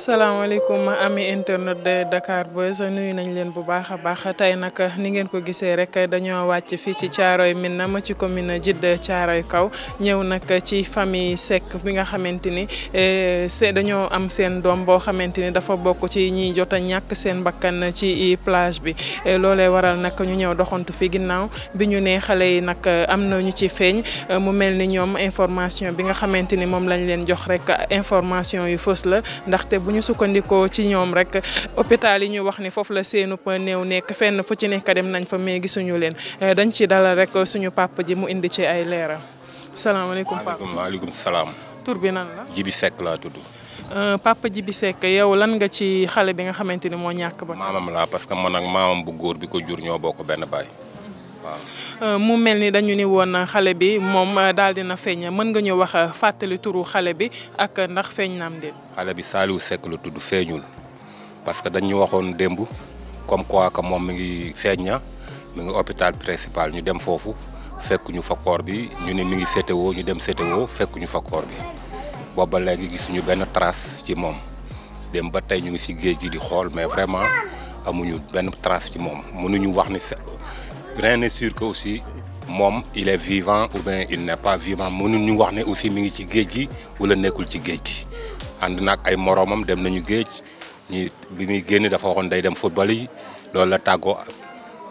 asalaamaaleykum ami internet de Dakar Buzz nuyu nañ leen bu baax a baax tey nag ni ngeen ko gisee rek dañoo wàcc fii ci Thiaroye Minam ci commune Djiddah Thiaroye Kaw ñëw nag ci famille Seck bi nga xamante ni eh, se dañoo am seen doom boo xamante ni dafa bokk ci ñiy jot a ñàkk seen bakkan ci plage bi eh, loolee waral nag ñu ñëw doxantu fi ginnaaw bi ñu nee xale yi nag am na ñu ci feeñ mu mel ni ñoom information bi nga xamante ni moom lañ leen jox rek information yu fos la ndaxte. ñu sukkandikoo ci ñoom rek hôpital yi ñu wax ni foofu la seenu néew nekk fenn fu ci nekk dem nañ fa mais gisuñu leen eh, dañ ci dalal rek suñu papa ji mu indi ci ay leeral salaamaaleykum papa waaleykum salaam. tur bi nan la. Jibi Seck laa tudd. Eh, papa Jibi Seck yow lan nga ci xale bi nga xamante ni moo ñàkk ba. maamam laa parce que man ak maamam bu góor bi ko jur ñoo boo ko benn baay. Euh, mu mel ni dañu ni woon xale bi moom euh, daal na feeñ mën nga ñu wax euh, fàttali turu xale bi ak ndax feeñ naam déet. xale bi Saliou Seck la tudd feeñul parce que dañu waxoon démb comme quoi que moom mi ngi feeñ na ngi hôpital principal ñu dem foofu fekkuñu ñu fa koor bi ñu ne mi ngi CTO ñu dem CTO ñu fa koor bi booba léegi gisuñu benn trace ci moom dem ba tey ñu ngi si géej gi di xool mais vraiment amuñu benn trace ci moom mënuñu wax ni rien n'est sûr que aussi moom il est vivant ou bien il n'est pas vivant mënuñ ñu wax ne aussi mu ngi ci géej gi wala nekkul ci géej gi ànd naag ay moroomam dem nañu géej bi muy génn dafa waxoon day dem football yi loolu la tàggoo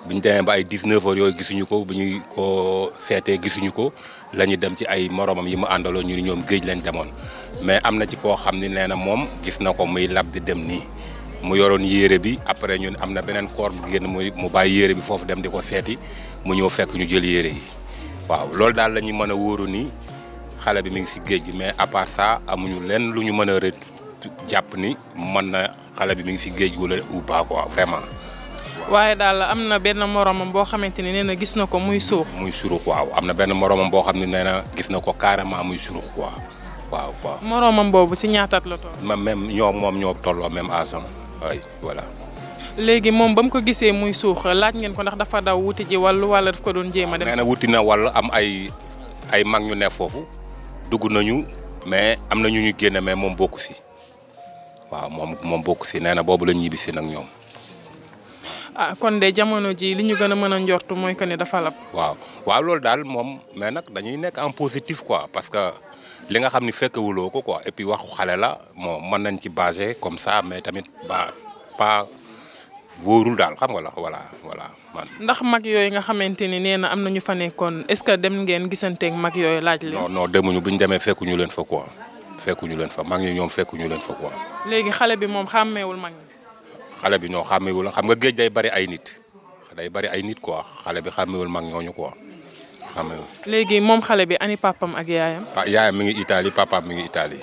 bi ñu demee ba ay 19 heures yooyu gisuñu ko bi ñuy ko seetee gisuñu ko la ñu dem ci ay moromam yi mu àndaloo ñu ni ñoom géej lañ demoon mais am na ci koo xam ni nee na moom gis na ko muy lab di dem nii mu yoroon yére bi après ñun am na beneen corps bu génn muy mu bàyyi yére bi foofu dem di ko seeti mu ñëw fekk ñu jël yére yi waaw loolu daal lañu ñu mën a wóoru ni xale bi mi ngi si géej gi mais à part ça amuñu lenn lu ñu mën a jàpp ni mën na xale bi mi ngi si géej gu la ou pas quoi vraiment. waaye daal am na benn moromam boo xamante ni nee na gis na ko muy suux. muy surux waaw am na benn moromam boo xam ne nee na gis na ko carrément muy surux quoi waaw waaw. moromam boobu si ñaataat la même ñoo moom ñoo tolloo même à ay voilà. léegi moom ba mu ko gisee muy suux laaj ngeen ko ndax dafa daw wuti ji wàllu wala daf ko doon jéem a dem. nee na wuti na wàll am ay ay mag ñu ne foofu dugg nañu mais am na ñu ñu génne mais moom bokku si waaw moom moom bokku si nee na boobu la ñibbi si nag ñoom. ah kon de jamono ji li ñu gën a mën a njort mooy que ni dafa lab. waaw waaw loolu daal moom mais nag dañuy nekk en positif quoi parce que. li nga xam ni fekkewuloo ko quoi et waxu xale la moo mën nañ ci basé comme sa mais tamit ba pas wóorul daal xam nga la voilà voilà man. ndax mag yooyu nga xamante ni nee na am na ñu fa nekkoon est-ce que dem ngeen gisanteeg mag yooyu laaj leen. non non demuñu bu ñu demee fekkuñu leen fa quoi fekkuñu leen fa mag ñi ñoom fekkuñu leen fa quoi. léegi xale bi moom xàmmeewul mag ñi. xale bi ñoo xàmmewul xam nga géej day bari ay nit day bari ay nit quoi xale bi xàmmewul mag ñooñu quoi. xam léegi moom xale bi ani papam ak yaayam. yaayam mi ngi itali papaam mu ngi itali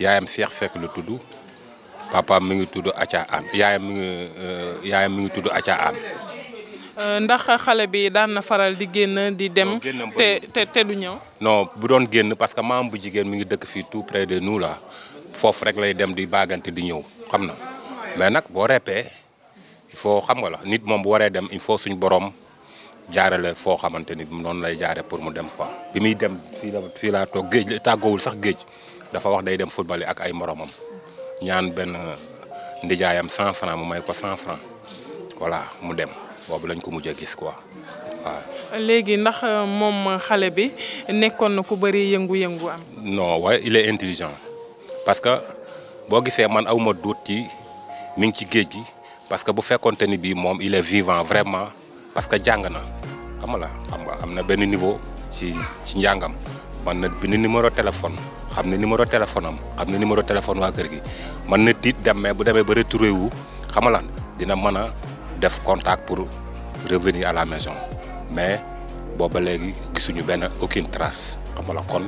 yaayam Cheikh seek lu tudd papam mu ngi tudd Atia An yaayam mi ngi euh, yaayam mi ngi tudd Atia An. Euh, ndax xale bi daan na faral di génn di dem. te te du ñëw. non bu doon génn parce que maam bu jigéen mi ngi dëkk fii tout près de nous là foofu rek lay dem di baagante di ñëw xam na mais nag boo reppee il faut xam nga la nit moom bu waree dem il faut suñu borom. jaarale foo xamante ni bi mu noonu lay jaare pour mu dem quoi bi muy dem fii la fii laa toog géej tàggoowul sax géej dafa wax day dem football yi ak ay moromam ñaan benn ndijaayam cent franc mu may ko cent franc voilà mu dem boobu lañ ko mujj a gis quoi waaw. léegi ndax euh, moom xale bi nekkoon na ku bëri yëngu-yëngu am. non waaye il est intelligent parce que boo gisee man awma ma duut ci mi ngi ci géej gi parce que bu fekkonte ni bii moom il est vivant vraiment. parce que jàng na xam xam nga am na benn niveau ci ci njàngam man na bind numéro téléphone xam ne numéro téléphone am xam ne numéro téléphone waa kër gi man na tiit dem mais bu demee ba retouré wu xamala nga dina mën a def contact pour revenir à la maison mais booba léegi gisuñu benn aucune trace xam nga la kon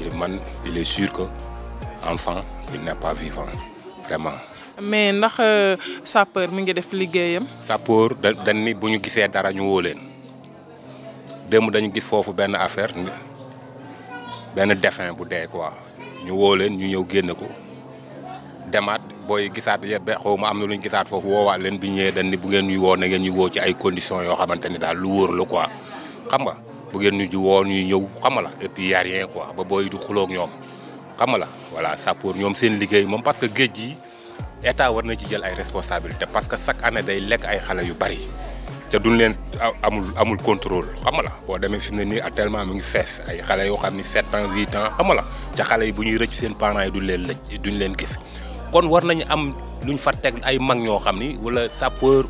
il man il est que enfant il n'est pas vivant vraiment mais ndax euh, sapeur mi ngi def liggéeyam. sapeur dani bu ñu gisee dara ñu woo leen démb dañu gis foofu benn affaire benn défunt bu dee quoi ñu woo leen ñu ñëw génn ko demaat booy gisaat yebbe xaw ma am na lu ñu gisaat foofu woowaat leen bi ñëwee dañ ni bu ngeen ñuy woo na ngeen ñu woo ci ay condition yoo xamante ni daal lu wóor la quoi xam nga bu ngeen ñu ji woo ñëw xam nga la et ba booy du xuloo ñoom xam nga la voilà sapeur ñoom seen liggéey moom parce que géej gi. état war na ci jël ay responsabilité parce que chaque année day lekk ay xale yu bari te duñ leen amul amul contrôle xam la boo demee fi ne nii actuellement mu ngi fees ay xale yoo xam ni sept ans huit ans xam nga ca xale yi bu ñuy rëcc seen parent yi duñ leen lëj duñ leen gis kon war nañu am lu ñu fa teg ay mag ñoo xam ni wala sapeur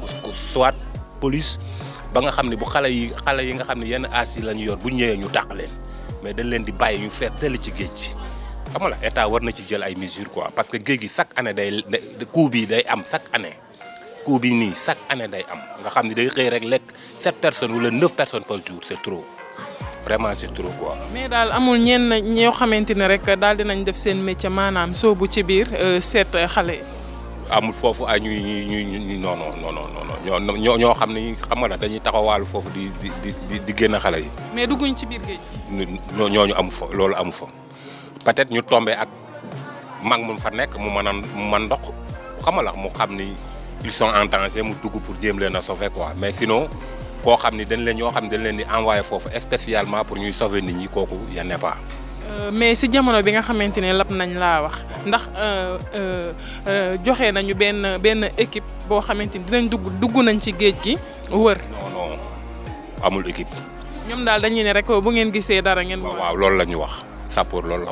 soit police ba nga xam ne bu xale yi xale yi nga xam ne yenn âge yi la ñu yor bu ñëwee ñu dàq leen mais dañ leen di bàyyi ñu fees teel ci géej gi xam la état war na ci jël ay mesures quoi parce que géej gi chaque année day coût bi day am chaque année coût bi nii chaque année day am nga xam ni day xëy rek lekk sept personnes wala neuf person par jour c'est trop vraiment c'est trop quoi. mais daal amul ñenn ñoo xamante ne rek daal dinañ def seen métier maanaam bu ci biir euh, seet xale yi. amul foofu ay ah, ñuy ñuy ñuy non non non non non ñoo ñoo xam ne xam la dañuy taxawaalu foofu di di di di génn xale yi. mais dugguñu ci biir géej. ñooñu amu fa loolu amu fa. peut-être ñu tombee ak mag mun fa nekk mu mën a mu mën ndox xam nga la mu xam ni ils sont en danger mu dugg pour jéem leen a sauver quoi mais sinon koo xam ni dañ leen ñoo xam ne dañ leen di envoyé foofu spécialement pour ñuy sauver ni ñi kooku ya ne pas. Euh, mais si jamono bi nga xamante ne lab nañ laa wax ndax euh, euh, joxe nañu benn benn équipe boo xamante ni dinañ dugg dugg nañ ci géej gi wër. non non amul équipe. ñoom daal dañuy ne rek bu ngeen gisee dara ngeen. waaw loolu la ñu wax. sapeur loolu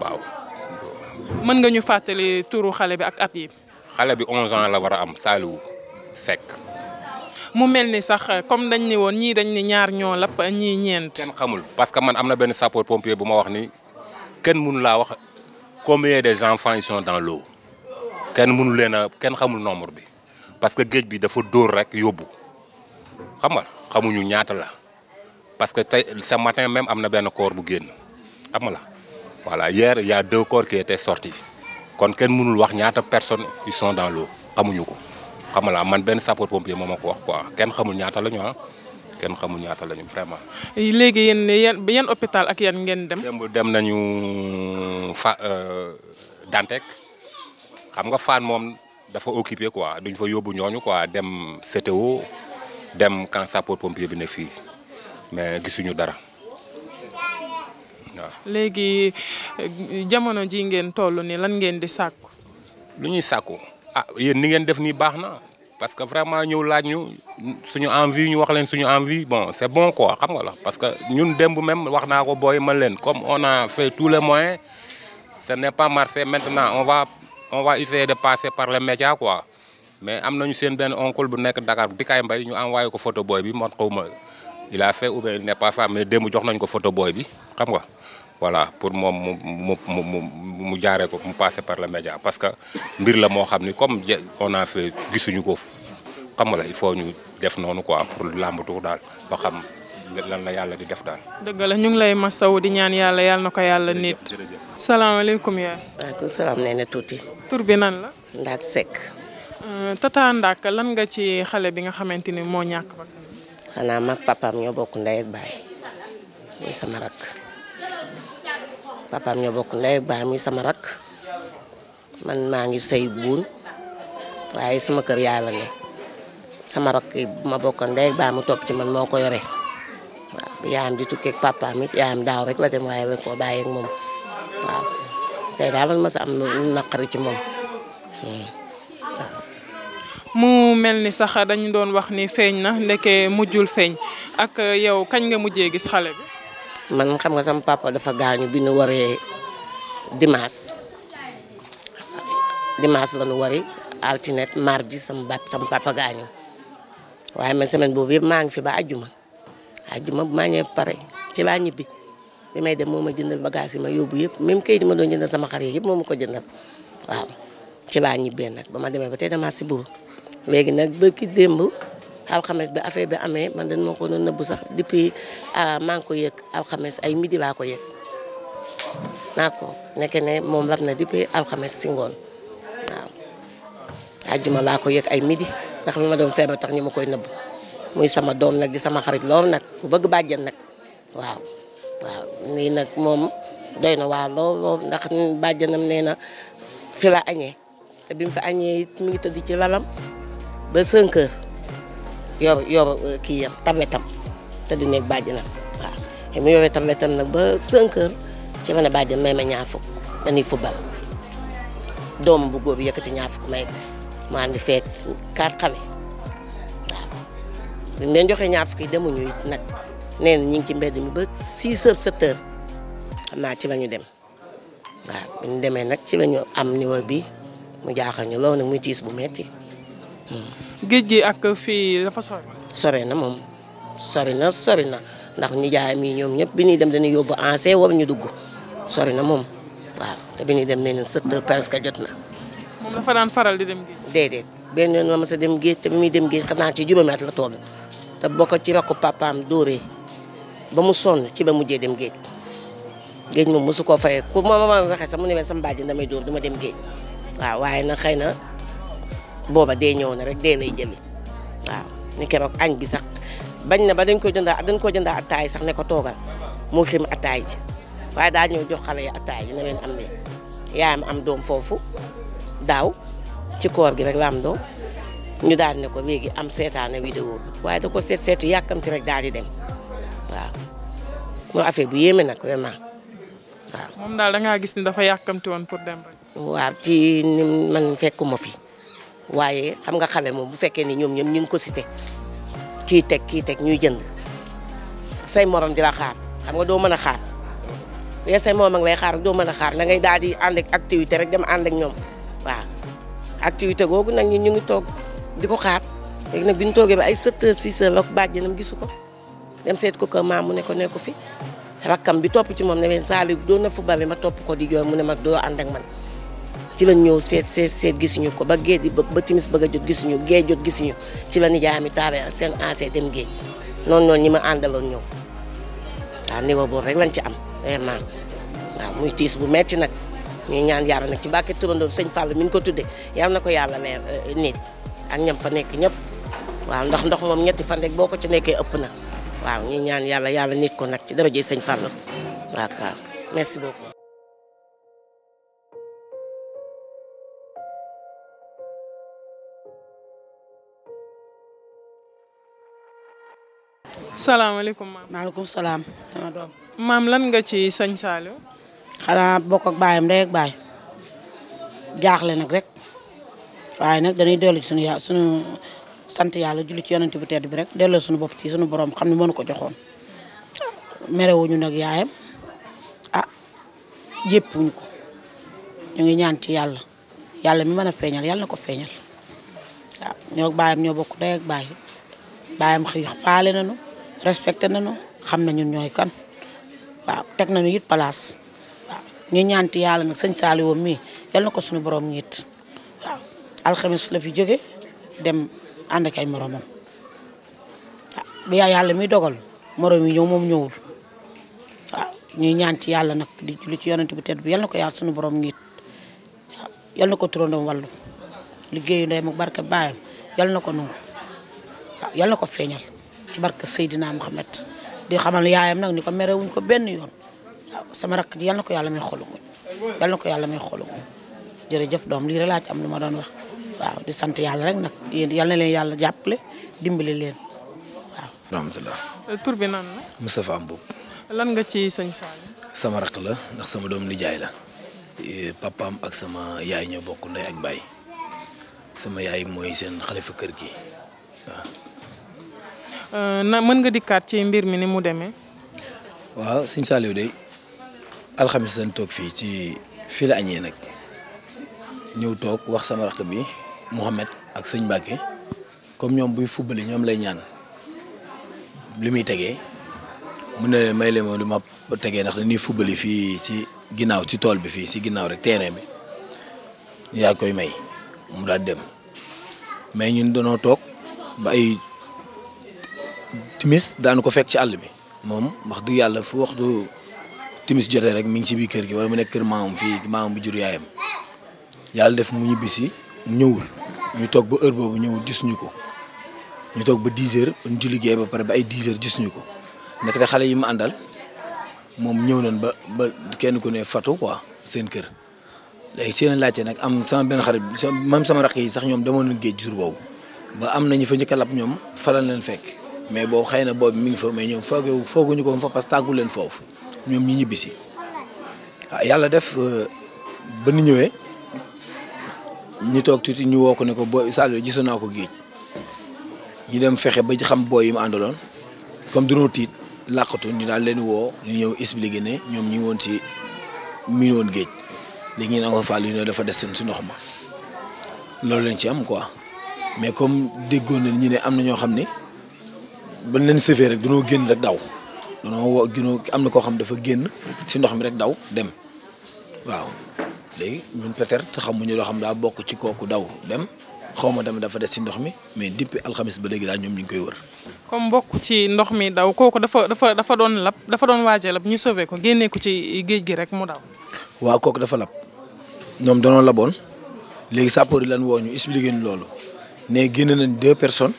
waaw. mën nga ñu fàttali turu xale bi ak at yi. xale bi 11 ans la war a am saaliwu Seck. mu mel ni sax comme dañ ni woon ñii dañ ni ñaar ñoo lapp ñii ñeent. kenn xamul parce que man am na benn sapeur pompier bu ma wax nii kenn mënu laa wax combien des enfants ils sont dans l'eau kenn munu leen a kenn xamul nombre bi parce que géej bi dafa dóor rek yóbbu xam nga xamuñu ñaata la parce que tey ce matin même am na benn corps bu génn am la. voilà hier il y a deux corps qui étaient sortis kon kenn munul wax ñaata personne ils sont dans l'eau xamuñu ko xam nga man benn sapeur pompier moo ma ko wax quoi kenn xamul ñaata la ñu ah kenn xamul ñaata la ñu vraiment. léegi yéen yan yan hôpital ak yan ngeen dem. démb dem nañu fa euh, Dantec xam nga Fann moom dafa occupé quoi duñ fa yóbbu ñooñu quoi dem CTO dem camp sapeur pompier bi ne fii mais gisuñu dara. léegi eh, jamono ji ngeen toll ni lan ngeen di sàkku. lu ñuy sàkku a ah, yéen ni ngeen def nii baax na parce que vraiment ñëw laaj ñu suñu envie ñu wax leen suñu envie bon c'est bon quoi xam nga la parce que ñu démb même wax naa ko booy ma leen comme on a fait tous les moyens ce ne pas marché maintenant on va on va essayer de passer par les médias quoi mais am nañu seen benn oncle bu nekk Dakar di kay mbay ñu envoyé ko photo booy bi man xaw ma il a fait ou bien il n'est pas fait mais démb jox nañ ko foto booy bi xam nga voilà pour moom mu mu mu mu jaaree ko mu passer par la média parce que mbir la moo xam ni comme on a gisuñu ko xam nga la il faut def noonu quoi pour làmbatu daal ba xam lan la yàlla di def daal. dëgg la ñu lay masawu di ñaan yàlla yàlla na ko yàlla nit. salaamaaleykum yaay. waaleykum salaam nee na tuuti. tur bi nan la. Ndaak Seck. Euh, tata Ndaak lan nga ci xale bi nga xamante ni moo ñàkk ba. xanaa mag papaam ñoo bokk ndey ak baay muy sama rakk papaam bokk ndey ak baay sama rakk man maa ngi sëy buun waaye sama kër yaay la ne sama rakk yi ma bokk ndey ak baay mu topp ci man moo ko yore waaw yaayam di tukkee ak papaam yaayam daaw rek la dem waaye koo bàyyi ak moom waaw tey daal man ma sa am ci moom. Hmm. mu mel ni sax dañu doon wax ni feeñ na ndeke mujjul feeñ ak euh, yow kañ nga mujjee gis xale bi. man xam nga sama papa dafa gaañu bi nu waree dimanche dimanche la nu wari altinet mardi sama baat sama papa gaañu waaye man semaine boobu yëpp ngi fi ba àjjuma àjjuma bu maa ñëwee ci laa ñibbi li may dem moo ma jëndal bagage yi ma yóbbu yëpp même kayit ma doon jëndal sama xar yi yëpp moo ma ko jëndal waaw ci laa ñibbee nag ba ma demee ba tey damaa si boobu. léegi nag ba ki démb alxames bi affaire bi amee man dañ ma ko doon nëbbu sax depuis ah, maa ngi ko yëg alxemes ay midi laa ko yëg ko nekk ne moom rab na depuis alxames si ngoon waaw. àjjuma laa ko ay midi ndax li ma doon feebar tax ñu ma koy nëbbu muy sama doom nag di sama xarit lool nag ku bëgg bàjjen nag waaw. nag moom doy na waaw lool lool ndax bàjjenam nee na fi la añee te mu fi añee it ngi tëdd ci lalam. ba 5 yor yor uh, kii yam tabletam te di nekk bàjjenam waaw mu yoree tabletam nag ba 5 heures ci ma ne bàjjen may ma ñaar fukk dañuy fubal doom bu góor bi yëkkati ñaar fukk may ma andi feet kaat xawe waaw bi mu leen joxee ñaar fukk yi nag nee na ñu ngi ci mbedd mi ba 6 heures 7 heures xam naa ci la dem waaw bi demee nag ci la ñu am niveau mu jaaxal ñu loolu nag muy tiis bu metti géej gi ak fii dafa sori. na moom sori na sori na ndax ñu jaay mi ñoom ñëpp bi ñuy dem dañuy yóbbu anse war ñu dugg sori na moom waaw te bi ñuy dem nee na sept heures presque jot na. moom faral di dem géej. déedéet benn yoon ma dem géej te bi muy dem géej ci juróomi la toll te bokk ci rakku papaam dóoree ba mu sonn ci ba mujjee dem géej géej moom mosu koo fayee ku ma ma waxee sax mu ne sama bàjjen damay dóor duma dem géej waaw waaye nag xëy na. booba dee ñëw na rek dee lay jëli waaw ni keroog añ bi sax bañ na ba dañ ko jëndaa dañ ko jëndaa attaay sax ne ko toogal mu xim attaay ji waaye daal ñëw jox xale yi attaay ji na leen am leen yaayam am doom foofu daaw ci koor gi rek la am doom ñu daal ne ko am seetaane vidéo bi waaye da ko seet seetu yàkkamti rek daal di dem waaw mooy affaire bu yéeme nag vraiment waaw. moom daal da gis ni dafa yàkkamti woon pour dem rek. waaw ci ni man fekkuma fi. waaye xam nga xale moom bu fekkee ni ñoom ñoom ñu ngi ko cité kii teg kii teg ñuy jënd say morom di la xaar xam nga doo mën a xaar yee say morom ak xaar doo mën a xaar da ngay daal di ànd activité rek dem ànd ak ñoom waaw activité googu nag ñun ñu ngi toog di ko xaar léegi nag bi ñu toogee ba ay 7 heures 6 heures la ko gisu ko dem seet ko kër maam mu ne ko nekku fi rakkam bi topp ci moom ne leen saa doo doon na fu bari ma topp ko di jooy mu ne mag doo ànd man ci la ñëw seet seet seet gisuñu ko ba géej gi ba timis bëgg a jot gisuñu géej jot gisuñu ci la nijaay mi taabee seen ancien dem géej noonu noonu ni ma àndaloon ñëw waaw niveau boobu rek lañ ci am vraiment waaw muy tiis bu metti nag ñuy ñaan yàlla nag ci bàkke turandoo sëñ Fall mi ñu ko tuddee yàlla na ko yàlla leer euh, euh, nit ak ñam fa nekk ñëpp waaw ndax ndox moom ñetti fan rek boo ko ci nekkee ëpp na waaw ñuy ñaan yàlla yàlla nit ko nag ci dara jëy sëñ Fall waaw merci beaucoup salaamaaleykum maam. salaam. doom. maam lan nga ci sëñ Saliou. xanaa bokk ak baayam ndey baay jaaxle nag rek waaye nag dañuy dellu ci sunu ya sunu sant yàlla julli ci yonent bu tedd bi rek delloo sunu bopp ci sunu borom xam ne mënu ko joxoon. merewuñu nag yaayam ah jéppuñu ko ñu ngi ñaan ci yàlla yàlla mi mën a feeñal yàlla na ko feeñal waaw ñoo baayam ñoo bokk ndey baay baayam xëy faale nañu. respecté nañu xam na ñun ñooy kan waaw teg nañu it place waaw ñu ñaanti yàlla nag sëñ Saliou mii yal ko suñu boroom ñiit waaw la fi jóge dem ànd ak ay moromam bu yaa yàlla mi dogal morom yi ñëw moom ñëwul waaw ñaan ci yàlla nag di lu ci yonent bu bi yal ko yàlla suñu borom ngiit waaw ko turandoom wàllu liggéeyu ndey mu barke baayam yal na ko nangu yàlla ko feeñal ci barke Seydina Mohamed di xamal yaayam nag ni ko mere wuñ ko benn yoon waaw sama rakk ji yal na ko yàlla may xolu muñ yal na ko yàlla may xolu muñ jërëjëf doom lii rek laa am lu ma doon wax waaw di sant yàlla rek nag yéen yal na leen yàlla jàppale dimbali leen waaw. alhamdulilah. tur bi lan nga ci sëñ Saliou. sama rakk la ndax sama doom jaay la. papaam ak sama yaay ñoo bokk ndey ak baay sama yaay mooy seen xalifa kër gi Euh, na mën nga dikkaat ci mbir mi ni mu demee. waaw sëñ Saliou de alxamis lañ toog fii ci fii la añee nag ñëw toog wax sama rakk bi Mouhamed ak sëñ Mbacke comme ñoom buy fubbali ñoom lay ñaan li muy tegee mu ne leen may leen moom li ma tegee ndax dañuy fubbali fii ci ginnaaw ci tool bi fii si ginnaaw rek terrain bi yaa koy may mu daal dem mais ñun danoo toog ba ay timis daanu ko fekk ci àll bi moom wax dëgg yàlla fu waxtu timis jotee rek mi ngi ci biir kër gi wala mu nekk kër maamam fii maamam bu jur yaayam yàlla def mu ñibbi si ñëwul ñu toog ba heure boobu ñëwul gisuñu ko ñu toog ba 10 heures ñu ci liggéey ba pare ay 10 heures gisuñu ko nekk xale yi mu àndal moom ñëw nañ ba ba kenn ku ne fatu quoi seen kër léegi si leen laajte nag am sama benn xarit même sama raq yi sax ñoom demoon nañ géej boobu ba am nañu fa njëkk a ñoom falal leen fekk. mais boobu xëy na boobu mi ngi fa mais ñoom foogee fooguñu ko fa parce que leen foofu ñoom ñi ñibbi si ah, yàlla def euh, ba ñu ñëwee ñu toog tuuti ñu woo ko ne ko booy Saliou gisoon naa ko géej ñu dem fexe ba xam booy yi mu àndaloon comme dunoo tiit làqatu ñu daal leen woo ñu ñëw expliqué ne ñoom ñu woon si mi woon géej léegi ñu ne ko Fall yu ne dafa des seen si ndox ma loolu lañ ci am quoi mais comme déggoon nañ ñu ne am na ñoo xam ne. bañ leen sëfee rek dañoo génn rek daw dañoo ginoo am na koo xam dafa génn si ndox mi rek daw dem waaw léegi ñun peut-être xamuñu loo xam daa bokk ci kooku daw dem xaw ma tamit dafa des si ndox mi mais depuis alxamis ba léegi daal ñoom ñu ngi koy wër. comme bokk ci ndox mi daw kooku dafa dafa dafa doon lab dafa doon waajee lab ñu sauvé ko génnee ko ci géej gi rek mu daw. waaw kooku dafa lab ñoom danoo laboon léegi sapeurs yi lan woo ñu expliqué ñu loolu ne génn nañ deux personnes.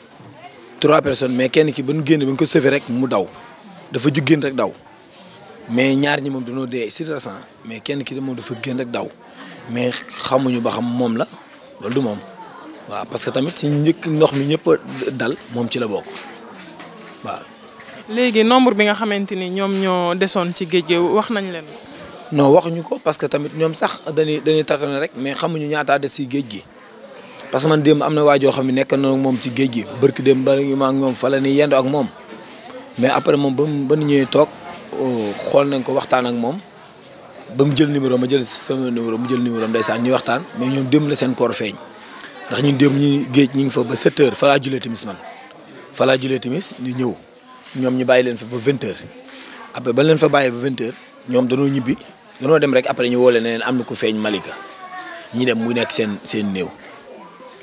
trois personnes mais kenn ki ba ñu génn ba ñu ko sauvé rek mu daw dafa ju génn rek daw mais ñaar ñi moom du noo dee si récent mais kenn ki moom dafa génn rek daw mais xamuñu ba xam moom la loolu du moom waaw parce que tamit si njëkk ndox mi ñëpp dal moom ci la bokk waaw. léegi nombre bi nga xamante ni ñoom ñoo desoon ci géej wax nañ leen. non waxuñu ko parce que tamit ñoom sax dañuy dañuy tàttane rek mais xamuñu ñaataa des si géej gi. parce que man démb am na waa joo xam ne nekk na moom ci géej gi barki démb ba ma ak ñoom fala ni yendu ak moom mais après moom ba mu ba ñu ñëwee toog oh, xool nañ ko waxtaan ak moom ba mu jël numéro ma jël sama numéro mu jël numéro ndeysaan ñuy waxtaan mais ñoom démb la seen koor feeñ ndax ñun démb ñu géej ñu ngi fa ba 7 heures fa laa julee timis man fa laa julee timis ñu ñëw ñoom ñu bàyyi leen fa ba 20 heures après ba leen fa bàyyi ba 20 heures ñoom danoo ñibbi danoo dem rek après ñu woo leen ne leen am na ku feeñ Malika ñi dem mu nekk seen seen néew.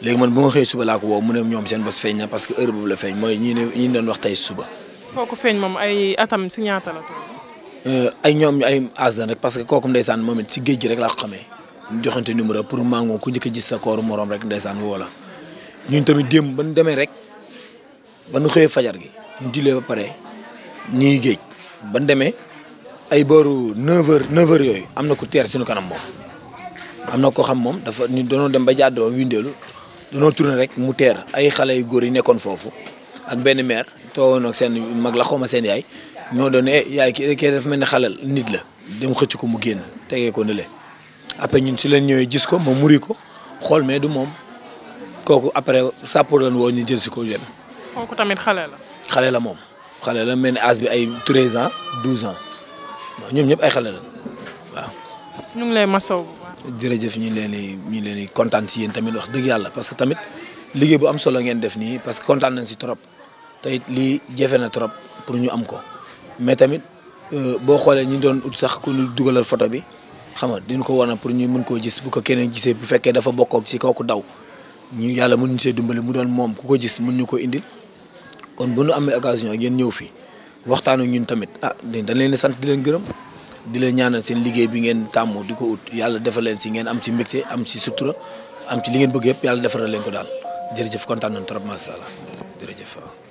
léegi man bu ma xëyee suba laa ko woo mu ne ñoom seen bos feeñ na parce que heure boobu la feeñ mooy ñi ne ñi doon wax suba. foo ko feeñ moom ay atam si ñaata la euh, ay ñoom ay as parce que kooku ndeysaan moom it si géej gi rek laa ko xamee ñu numéro pour mango ku njëkk a sa kooru morom rek ndeysaan woo la ñun tamit démb ba demee rek ba xëyee fajar gi ñu jullee ba pare ñuy géej ba demee ay booru 9h 9 yooyu am na ku teer suñu kanam moom am na ko xam moom dafa ñu doon dem ba jàdd ba windeelu danoo tourné rek mu teer ay xale yu góor yi nekkoon foofu ak benn maire toogoon ak seen mag la xawma seen yaay ñoo doon eh yaay ki kii dafa mel ni xalal nit la dem xëcc ko mu génn tegee ko nële après ñun si leen ñëwee gis ko ma muri ko xool mais du moom kooku après sàppoor lan woo ñu jël si ko yéen. kooku tamit xale la. xale la moom xale la mel ni âge bi ay 13 ans 12 ans ñoom ñëpp ay xale la waaw. lay masaw. jërëjëf ñu leen di ñu leen di kontaan si yéen tamit wax dëgg yàlla parce que tamit liggéey bu am solo ngeen def nii parce que kontaan nañ si trop te it lii jafe na trop pour ñu am ko mais tamit euh, boo xoolee ñu doon ut sax ku ñu dugalal photo bi xam nga diñ ko wana pour ñu mun koo gis bu ko keneen gisee bu fekkee dafa bokkoon si kooku daw ñu yàlla mun ñu see dumbali mu doon moom ku ko gis mun ñu ko indil kon bu ñu amee occasion ngeen ñëw fi waxtaan ak ñun tamit ah dañ leen sant di leen gërëm. di leen ñaanal seen liggéey bi ngeen tàmm di ko ut yàlla defal leen si ngeen am ci mbégte am ci sutura am ci li ngeen bëgg yëpp yàlla defaral leen ko daal jërëjëf kontaan nañ trop macha